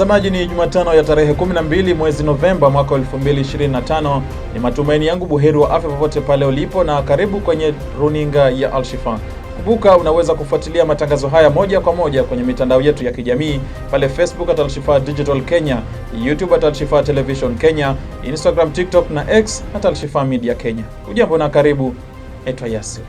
Mtazamaji, ni Jumatano ya tarehe 12 mwezi Novemba mwaka 2025. Ni matumaini yangu buheri wa afya popote pale ulipo, na karibu kwenye runinga ya Alshifa. Kumbuka unaweza kufuatilia matangazo haya moja kwa moja kwenye mitandao yetu ya kijamii pale Facebook at Alshifa Digital Kenya, YouTube at Alshifa Television Kenya, Instagram, TikTok na X at Alshifa Media Kenya. Ujambo na karibu, naitwa Yasir.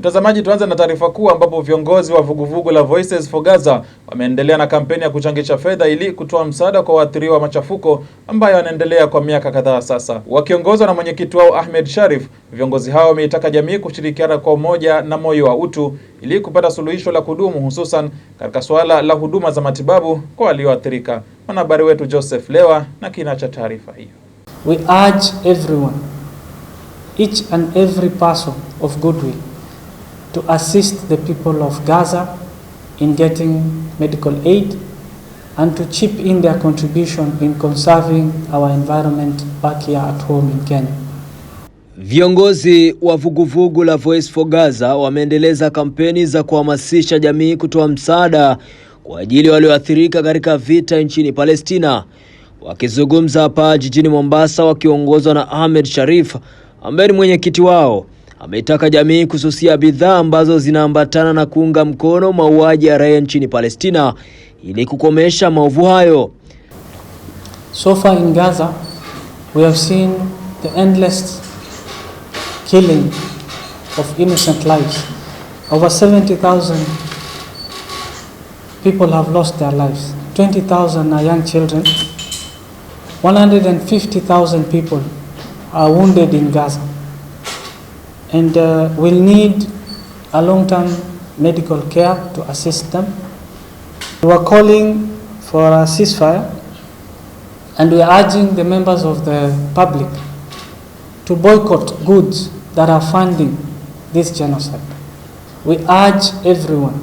Mtazamaji, tuanze na taarifa kuu ambapo viongozi wa vuguvugu la Voices for Gaza wameendelea na kampeni ya kuchangisha fedha ili kutoa msaada kwa waathiriwa wa machafuko ambayo yanaendelea kwa miaka kadhaa sasa. Wakiongozwa na mwenyekiti wao Ahmed Sharif, viongozi hao wameitaka jamii kushirikiana kwa umoja na moyo wa utu ili kupata suluhisho la kudumu, hususan katika suala la huduma za matibabu kwa walioathirika. Mwanahabari wetu Joseph Lewa na kina cha taarifa hiyo. We urge everyone, each and every person of goodwill to assist the people of Gaza in getting medical aid and to chip in their contribution in conserving our environment back here at home in Kenya. Viongozi wa vuguvugu la Voice for Gaza wameendeleza kampeni za kuhamasisha jamii kutoa msaada kwa ajili walioathirika katika vita nchini Palestina. Wakizungumza hapa jijini Mombasa wakiongozwa na Ahmed Sharif ambaye ni mwenyekiti wao ametaka jamii kususia bidhaa ambazo zinaambatana na kuunga mkono mauaji ya raia nchini Palestina ili kukomesha maovu hayo. So far in Gaza we have seen the endless killing of innocent lives. Over 70,000 people have lost their lives. 20,000 are young children. 150,000 people are wounded in Gaza. and uh, will need a long-term medical care to assist them. We are calling for a ceasefire and we are urging the members of the public to boycott goods that are funding this genocide. We urge everyone,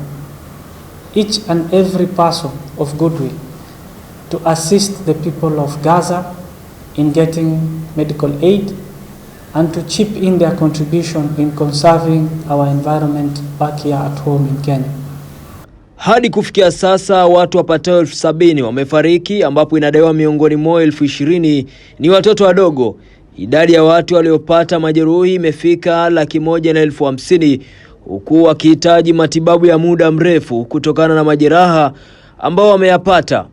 each and every person of goodwill, to assist the people of Gaza in getting medical aid and to chip in their contribution in conserving our environment back here at home in Kenya. Hadi kufikia sasa watu wapatao elfu sabini wamefariki ambapo inadaiwa miongoni mwao elfu ishirini ni watoto wadogo. Idadi ya watu waliopata majeruhi imefika laki moja na elfu hamsini huku wakihitaji matibabu ya muda mrefu kutokana na majeraha ambao wameyapata.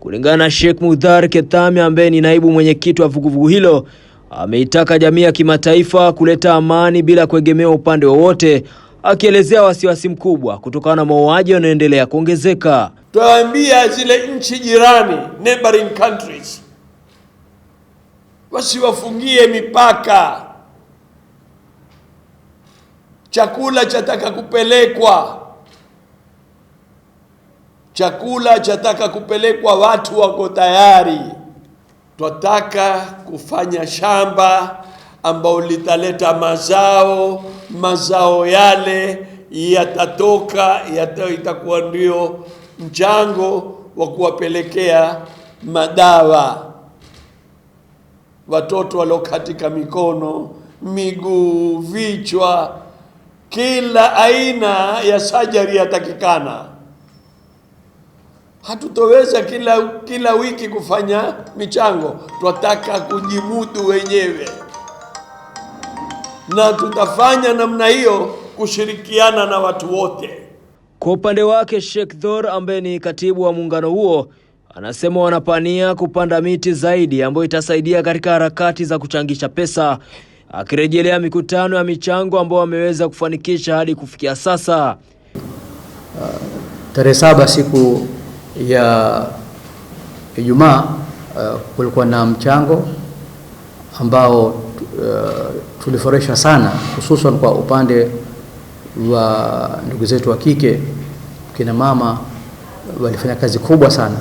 Kulingana na Sheikh Mudhar Kethami ambaye ni naibu mwenyekiti wa vuguvugu hilo ameitaka jamii ya kimataifa kuleta amani bila kuegemea upande wowote, akielezea wasiwasi mkubwa kutokana na mauaji yanayoendelea kuongezeka. Tuwaambia zile nchi jirani, neighboring countries, wasiwafungie mipaka, chakula chataka kupelekwa chakula chataka kupelekwa, watu wako tayari. Twataka kufanya shamba ambao litaleta mazao. Mazao yale yatatoka yata, itakuwa ndio mchango wa kuwapelekea madawa watoto walio katika mikono, miguu, vichwa, kila aina ya sajari yatakikana hatutoweza kila kila wiki kufanya michango, twataka kujimudu wenyewe, na tutafanya namna hiyo kushirikiana na watu wote. Kwa upande wake, Sheikh Dhor ambaye ni katibu wa muungano huo anasema wanapania kupanda miti zaidi ambayo itasaidia katika harakati za kuchangisha pesa, akirejelea mikutano ya michango ambayo wameweza kufanikisha hadi kufikia sasa. Uh, tarehe saba siku ya Ijumaa uh, kulikuwa na mchango ambao uh, tulifurahishwa sana hususan kwa upande wa ndugu zetu wa kike, kina mama walifanya kazi kubwa sana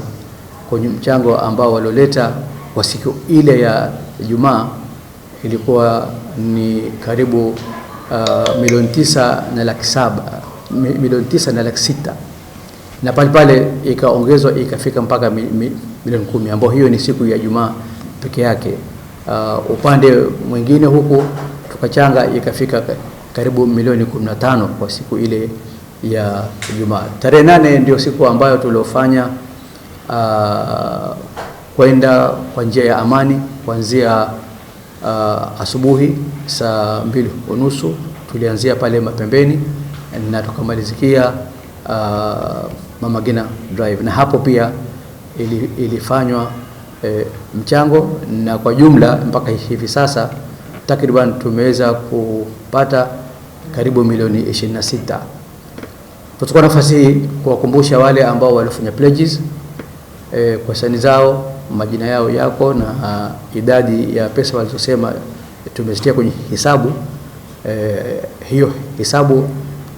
kwenye mchango ambao walioleta kwa siku ile ya Ijumaa ilikuwa ni karibu uh, milioni tisa na laki saba milioni tisa na laki sita na pale pale ikaongezwa ikafika mpaka milioni kumi, ambayo hiyo ni siku ya Ijumaa peke yake. Uh, upande mwingine huku tukachanga ikafika karibu milioni tano kwa siku ile ya Ijumaa. Tarehe nane ndio siku ambayo tuliofanya uh, kwenda kwa njia ya amani kuanzia uh, asubuhi saa mbili unusu tulianzia pale mapembeni na tukamalizikia uh, Mama Gina Drive, na hapo pia ili, ilifanywa e, mchango na kwa jumla mpaka hivi sasa takriban tumeweza kupata karibu milioni 26. Tutachukua nafasi hii kuwakumbusha wale ambao walifanya pledges e, kwa sani zao majina yao yako na uh, idadi ya pesa walizosema tumesitia kwenye hisabu e, hiyo hisabu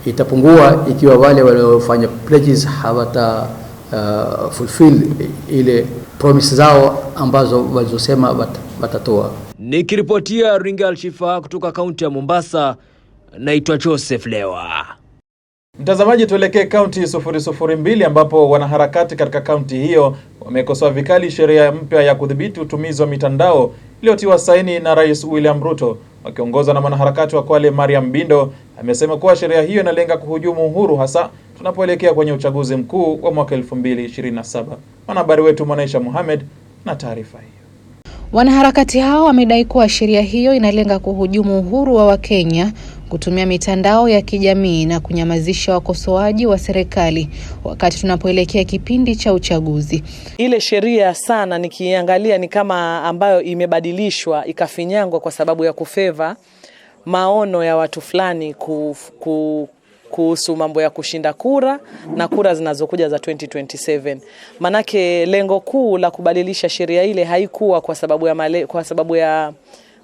itapungua ikiwa wale waliofanya pledges hawata uh, fulfill ile promise zao ambazo walizosema watatoa. Nikiripotia Ringa Alshifa kutoka kaunti ya Mombasa, naitwa Joseph Lewa. Mtazamaji, tuelekee kaunti sufuri mbili ambapo wanaharakati katika kaunti hiyo wamekosoa vikali sheria mpya ya kudhibiti utumizi wa mitandao iliyotiwa saini na Rais William Ruto. Wakiongozwa na mwanaharakati wa Kwale Mariam Bindo, amesema kuwa sheria hiyo inalenga kuhujumu uhuru, hasa tunapoelekea kwenye uchaguzi mkuu wa mwaka 2027. Mwanahabari wetu Mwanaisha muhamed na taarifa hiyo. Wanaharakati hao wamedai kuwa sheria hiyo inalenga kuhujumu uhuru wa Wakenya kutumia mitandao ya kijamii na kunyamazisha wakosoaji wa serikali wakati tunapoelekea kipindi cha uchaguzi. Ile sheria sana nikiangalia ni kama ambayo imebadilishwa ikafinyangwa kwa sababu ya kufeva maono ya watu fulani ku, ku, kuhusu mambo ya kushinda kura na kura zinazokuja za 2027. Manake lengo kuu la kubadilisha sheria ile haikuwa kwa sababu ya male, kwa sababu ya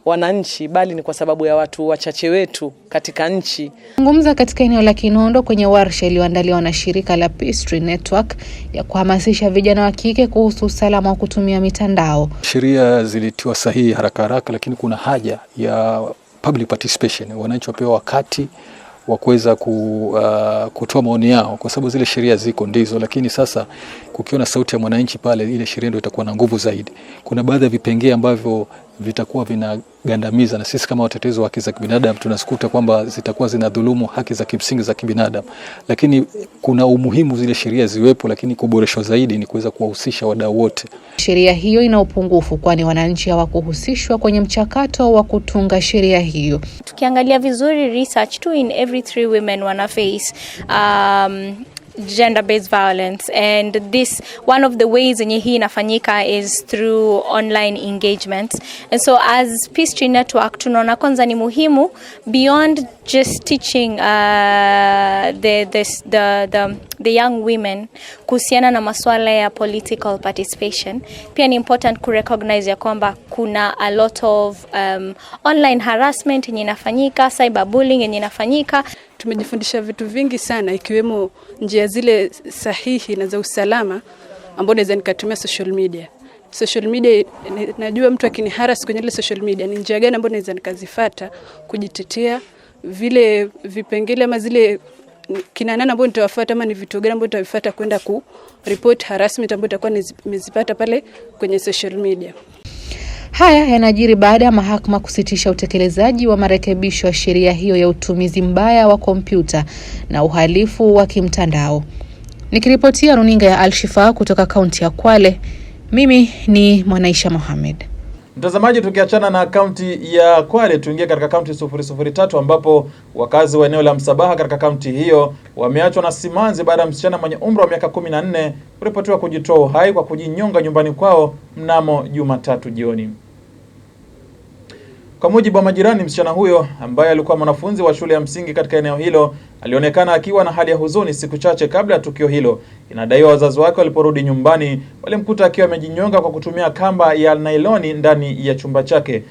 wananchi, bali ni kwa sababu ya watu wachache wetu katika nchi. Zungumza katika eneo la Kinondo kwenye warsha iliyoandaliwa na shirika la Peace Tree Network ya kuhamasisha vijana wa kike kuhusu usalama wa kutumia mitandao. Sheria zilitiwa sahihi haraka haraka, lakini kuna haja ya public participation, wananchi wapewa wakati wa kuweza ku, uh, kutoa maoni yao kwa sababu zile sheria ziko ndizo, lakini sasa kukiona sauti ya mwananchi pale, ile sheria ndio itakuwa na nguvu zaidi. Kuna baadhi ya vipengee ambavyo vitakuwa vinagandamiza, na sisi kama watetezi wa haki za kibinadamu tunasikuta kwamba zitakuwa zinadhulumu haki za kimsingi za kibinadamu, lakini kuna umuhimu zile sheria ziwepo, lakini kuboreshwa zaidi ni kuweza kuwahusisha wadau wote. Sheria hiyo ina upungufu, kwani wananchi hawakuhusishwa kwenye mchakato wa kutunga sheria hiyo. Tukiangalia vizuri research tu in every three women wana face um, gender based violence and this one of the ways yenye hii inafanyika is through online engagements and so as Peace Tree Network tunaona kwanza ni muhimu beyond just teaching uh, the, the, the, the, the young women kuhusiana na masuala ya political participation, pia ni important kurecognize ya kwamba kuna a lot of um, online harassment yenye inafanyika, cyber bullying yenye inafanyika tumejifundisha vitu vingi sana, ikiwemo njia zile sahihi na za usalama ambao naweza nikatumia social media. Social media najua mtu akiniharas kwenye ile social media, ni njia gani ambayo naweza nikazifata kujitetea, vile vipengele ama zile kina nani ambao nitawafuata ama ni vitu gani ambao nitavifuata kwenda ku report harassment ambayo itakuwa nimezipata pale kwenye social media. Haya yanajiri baada ya mahakama kusitisha utekelezaji wa marekebisho ya sheria hiyo ya utumizi mbaya wa kompyuta na uhalifu wa kimtandao. Nikiripotia runinga ya Alshifa kutoka kaunti ya Kwale, mimi ni Mwanaisha Mohamed. Mtazamaji, tukiachana na kaunti ya Kwale tuingie katika kaunti tatu ambapo wakazi wa eneo la Msabaha katika kaunti hiyo wameachwa na simanzi baada ya msichana mwenye umri wa miaka 14 kuripotiwa kujitoa uhai kwa kujinyonga nyumbani kwao mnamo Jumatatu jioni. Kwa mujibu wa majirani, msichana huyo ambaye alikuwa mwanafunzi wa shule ya msingi katika eneo hilo Alionekana akiwa na hali ya huzuni siku chache kabla ya tukio hilo. Inadaiwa wazazi wake waliporudi nyumbani walimkuta akiwa amejinyonga kwa kutumia kamba ya nailoni ndani ya chumba chake.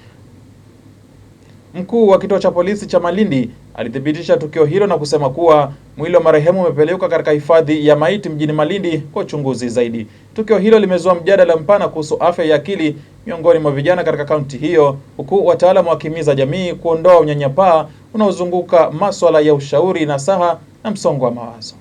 Mkuu wa kituo cha polisi cha Malindi alithibitisha tukio hilo na kusema kuwa mwili wa marehemu umepelekwa katika hifadhi ya maiti mjini Malindi kwa uchunguzi zaidi. Tukio hilo limezua mjadala mpana kuhusu afya ya akili miongoni mwa vijana katika kaunti hiyo, huku wataalamu wakihimiza jamii kuondoa unyanyapaa unaozunguka maswala ya ushauri na saha na msongo wa mawazo.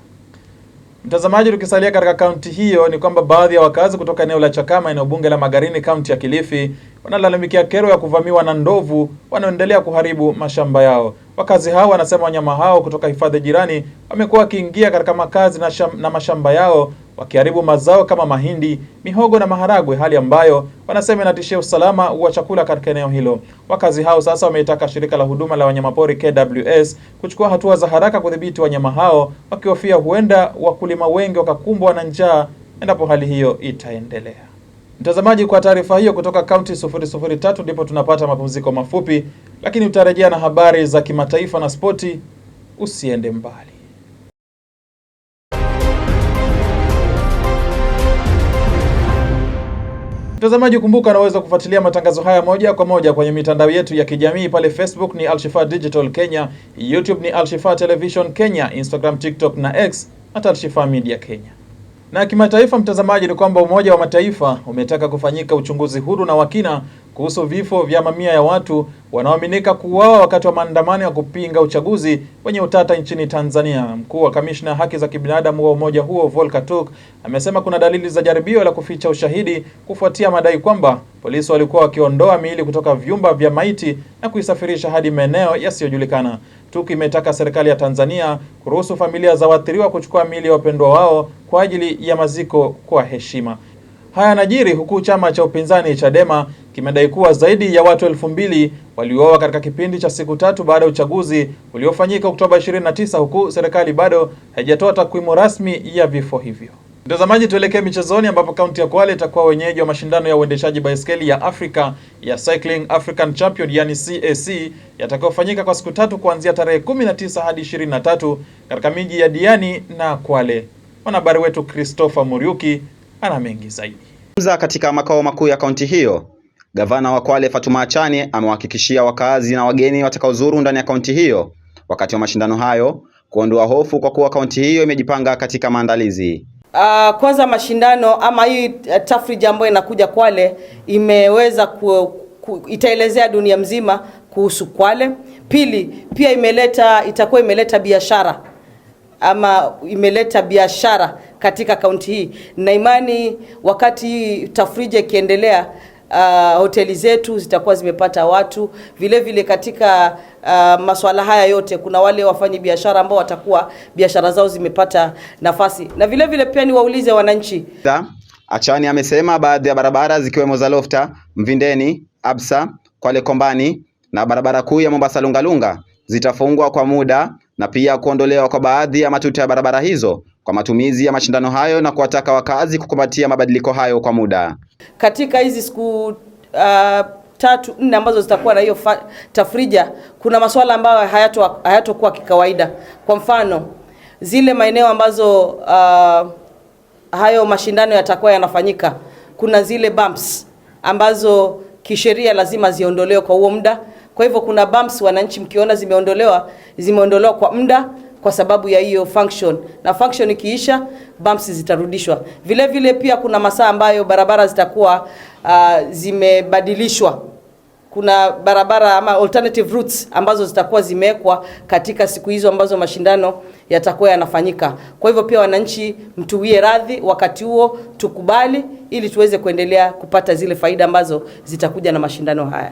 Mtazamaji, tukisalia katika kaunti hiyo ni kwamba baadhi ya wakazi kutoka eneo la Chakama, eneo bunge la Magarini, kaunti ya Kilifi, wanalalamikia kero ya kuvamiwa na ndovu wanaoendelea kuharibu mashamba yao. Wakazi hao wanasema wanyama hao kutoka hifadhi jirani wamekuwa wakiingia katika makazi na, na mashamba yao wakiharibu mazao kama mahindi, mihogo na maharagwe, hali ambayo wanasema inatishia usalama wa chakula katika eneo hilo. Wakazi hao sasa wameitaka shirika la huduma la wanyamapori KWS kuchukua hatua za haraka kudhibiti wanyama hao, wakihofia huenda wakulima wengi wakakumbwa na njaa endapo hali hiyo itaendelea. Mtazamaji, kwa taarifa hiyo kutoka kaunti 003 ndipo tunapata mapumziko mafupi, lakini utarejea na habari za kimataifa na spoti. Usiende mbali. Mtazamaji, kumbuka unaweza kufuatilia matangazo haya moja kwa moja kwenye mitandao yetu ya kijamii pale Facebook ni Alshifa Digital Kenya, YouTube ni Alshifa Television Kenya, Instagram, TikTok na X at Alshifa Media Kenya. Na kimataifa, mtazamaji, ni kwamba Umoja wa Mataifa umetaka kufanyika uchunguzi huru na wa kina kuhusu vifo vya mamia ya watu wanaoaminika kuuawa wakati wa maandamano ya kupinga uchaguzi wenye utata nchini Tanzania. Mkuu wa kamishna haki za kibinadamu wa umoja huo Volker Turk amesema kuna dalili za jaribio la kuficha ushahidi kufuatia madai kwamba polisi walikuwa wakiondoa miili kutoka vyumba vya maiti na kuisafirisha hadi maeneo yasiyojulikana. Turk imetaka serikali ya Tanzania kuruhusu familia za waathiriwa kuchukua miili ya wapendwa wao kwa ajili ya maziko kwa heshima. Haya yanajiri huku chama cha upinzani Chadema kimedai kuwa zaidi ya watu elfu mbili waliuawa katika kipindi cha siku tatu baada ya uchaguzi uliofanyika Oktoba 29 huku serikali bado haijatoa takwimu rasmi ya vifo hivyo. Mtazamaji, tuelekee michezoni ambapo kaunti ya Kwale itakuwa wenyeji wa mashindano ya uendeshaji baiskeli ya Afrika ya Cycling African Champion yani CAC yatakayofanyika kwa siku tatu kuanzia tarehe 19 hadi 23 katika miji ya Diani na Kwale. Mwanahabari wetu Christopher Muriuki ana mengi zaidi. Mza katika makao makuu ya kaunti hiyo, gavana wa Kwale Fatuma Achane amewahakikishia wakaazi na wageni watakaozuru ndani ya kaunti hiyo wakati wa mashindano hayo kuondoa hofu kwa kuwa kaunti hiyo imejipanga katika maandalizi. Uh, kwanza mashindano ama hii eh, tafrija ambayo inakuja Kwale imeweza ku, ku, itaelezea dunia mzima kuhusu Kwale. Pili, pia imeleta itakuwa imeleta biashara ama imeleta biashara katika kaunti hii, na imani wakati tafrija ikiendelea Uh, hoteli zetu zitakuwa zimepata watu vilevile vile. Katika uh, masuala haya yote kuna wale wafanyi biashara ambao watakuwa biashara zao zimepata nafasi, na vilevile vile pia niwaulize wananchi. Achani amesema baadhi ya barabara zikiwemo za Lofta, Mvindeni, Absa, Kwale, Kombani na barabara kuu ya Mombasa Lungalunga zitafungwa kwa muda na pia kuondolewa kwa baadhi ya matuta ya barabara hizo kwa matumizi ya mashindano hayo na kuwataka wakazi kukumbatia mabadiliko hayo kwa muda. Katika hizi siku uh, tatu nne ambazo zitakuwa na hiyo tafrija, kuna masuala ambayo hayatokuwa hayato kikawaida. Kwa mfano zile maeneo ambazo uh, hayo mashindano yatakuwa yanafanyika, kuna zile bumps ambazo kisheria lazima ziondolewe kwa huo muda. Kwa hivyo kuna bumps, wananchi mkiona zimeondolewa, zimeondolewa kwa muda kwa sababu ya hiyo function, na function ikiisha bumps zitarudishwa. Vile vile pia kuna masaa ambayo barabara zitakuwa uh, zimebadilishwa kuna barabara ama alternative routes ambazo zitakuwa zimewekwa katika siku hizo ambazo mashindano yatakuwa yanafanyika. Kwa hivyo pia wananchi, mtuwie radhi wakati huo, tukubali ili tuweze kuendelea kupata zile faida ambazo zitakuja na mashindano haya.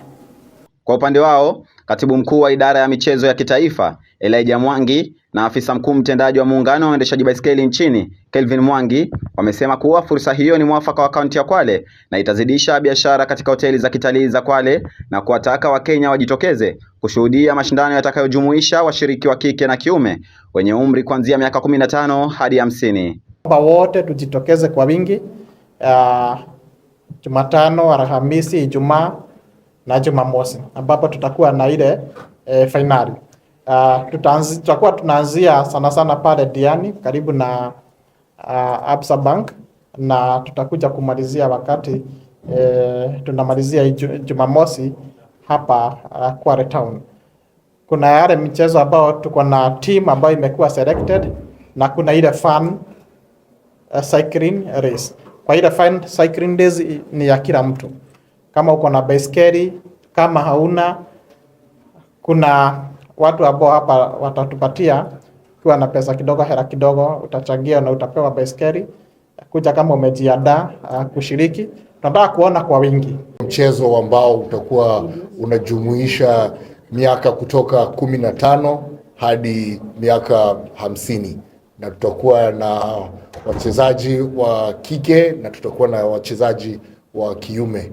Kwa upande wao, Katibu Mkuu wa Idara ya Michezo ya Kitaifa, Elijah Mwangi na afisa mkuu mtendaji wa muungano wa waendeshaji baiskeli nchini Kelvin Mwangi wamesema kuwa fursa hiyo ni mwafaka wa kaunti ya Kwale na itazidisha biashara katika hoteli za kitalii za Kwale na kuwataka Wakenya wajitokeze kushuhudia mashindano yatakayojumuisha washiriki wa kike na kiume wenye umri kuanzia miaka 15 hadi hamsini. Wote tujitokeze kwa wingi uh, Jumatano, Alhamisi, Ijumaa na Jumamosi ambapo tutakuwa na ile eh, fainali. Uh, tutakuwa tunaanzia sana sana pale Diani karibu na uh, Absa Bank na tutakuja kumalizia wakati eh, tunamalizia Jumamosi hapa uh, Kware Town. Kuna yale michezo ambayo tuko na team ambayo imekuwa selected na kuna ile fan uh, eh, cycling race. Kwa ile fan cycling race ni ya kila mtu, kama uko na baiskeli, kama hauna kuna watu ambao hapa watatupatia ukiwa na pesa kidogo, hela kidogo, utachangia na utapewa baiskeli kuja kama umejiandaa ah, kushiriki. Tunataka kuona kwa wingi mchezo ambao utakuwa unajumuisha miaka kutoka kumi na tano hadi miaka hamsini na tutakuwa na wachezaji wa kike na tutakuwa na wachezaji wa kiume.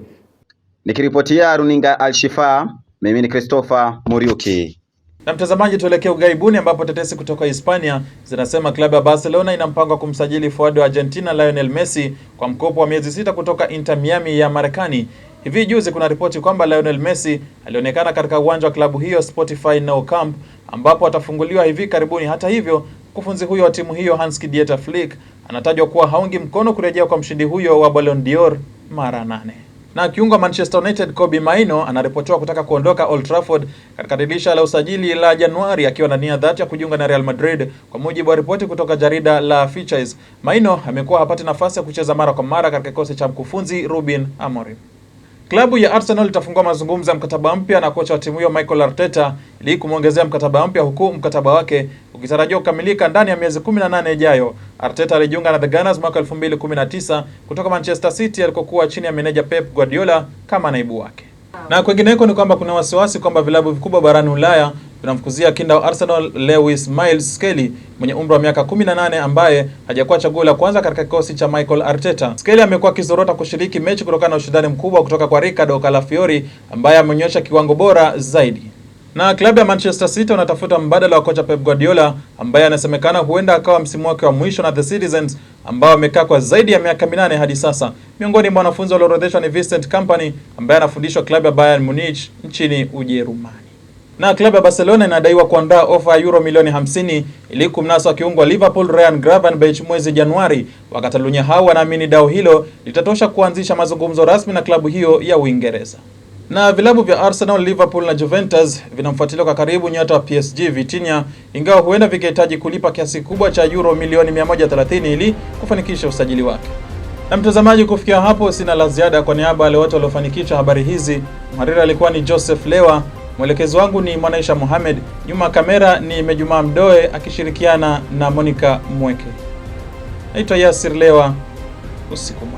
Nikiripotia runinga Alshifa, mimi ni Christopher Muriuki. Na mtazamaji, tuelekee ugaibuni ambapo tetesi kutoka Hispania zinasema klabu ya Barcelona ina mpango wa kumsajili forward wa Argentina Lionel Messi kwa mkopo wa miezi sita kutoka Inter Miami ya Marekani. Hivi juzi kuna ripoti kwamba Lionel Messi alionekana katika uwanja wa klabu hiyo Spotify Nou Camp ambapo atafunguliwa hivi karibuni. Hata hivyo, mkufunzi huyo wa timu hiyo hans Dieter Flick anatajwa kuwa haungi mkono kurejea kwa mshindi huyo wa Ballon d'Or mara nane na kiungo Manchester United Kobbie Maino anaripotiwa kutaka kuondoka Old Trafford katika dirisha la usajili la Januari akiwa na nia dhati ya kujiunga na Real Madrid, kwa mujibu wa ripoti kutoka jarida la Features. maino amekuwa hapati nafasi ya kucheza mara kwa mara katika kikosi cha mkufunzi Ruben Amorim. Klabu ya Arsenal itafungua mazungumzo ya mkataba mpya na kocha wa timu hiyo michael Arteta ili kumwongezea mkataba mpya huku mkataba wake ukitarajiwa kukamilika ndani ya miezi 18 ijayo. Arteta alijiunga na The Gunners mwaka 2019 kutoka Manchester City alikokuwa chini ya meneja Pep Guardiola kama naibu wake. Na kwingineko ni kwamba kuna wasiwasi kwamba vilabu vikubwa barani Ulaya vinamfukuzia kinda wa Arsenal Lewis Miles Skelly mwenye umri wa miaka 18 ambaye hajakuwa chaguo la kwanza katika kikosi cha Michael Arteta. Skelly amekuwa akizorota kushiriki mechi kutokana na ushindani mkubwa kutoka kwa Ricardo Calafiori ambaye ameonyesha kiwango bora zaidi. Na klabu ya Manchester City wanatafuta mbadala wa kocha Pep Guardiola ambaye anasemekana huenda akawa msimu wake wa mwisho na The Citizens ambao wamekaa kwa zaidi ya miaka minane hadi sasa. Miongoni mwa wanafunzi walioorodheshwa ni Vincent Kompany ambaye anafundishwa klabu ya Bayern Munich nchini Ujerumani. Na klabu ya Barcelona inadaiwa kuandaa ofa ya euro milioni 50 ili kumnasa kiungo wa Liverpool Ryan Gravenberch mwezi Januari. Wakatalunya hao wanaamini dau hilo litatosha kuanzisha mazungumzo rasmi na klabu hiyo ya Uingereza. Na vilabu vya Arsenal, Liverpool na Juventus vinamfuatilia kwa karibu nyota wa PSG Vitinha, ingawa huenda vikihitaji kulipa kiasi kubwa cha euro milioni 130 ili kufanikisha usajili wake. Na mtazamaji, kufikia hapo sina la ziada. Kwa niaba ya wale wote waliofanikisha habari hizi, mhariri alikuwa ni Joseph Lewa, mwelekezi wangu ni Mwanaisha Mohamed, nyuma kamera ni Mejumaa Mdoe akishirikiana na Monica Mweke. Naitwa Yasir Lewa, usiku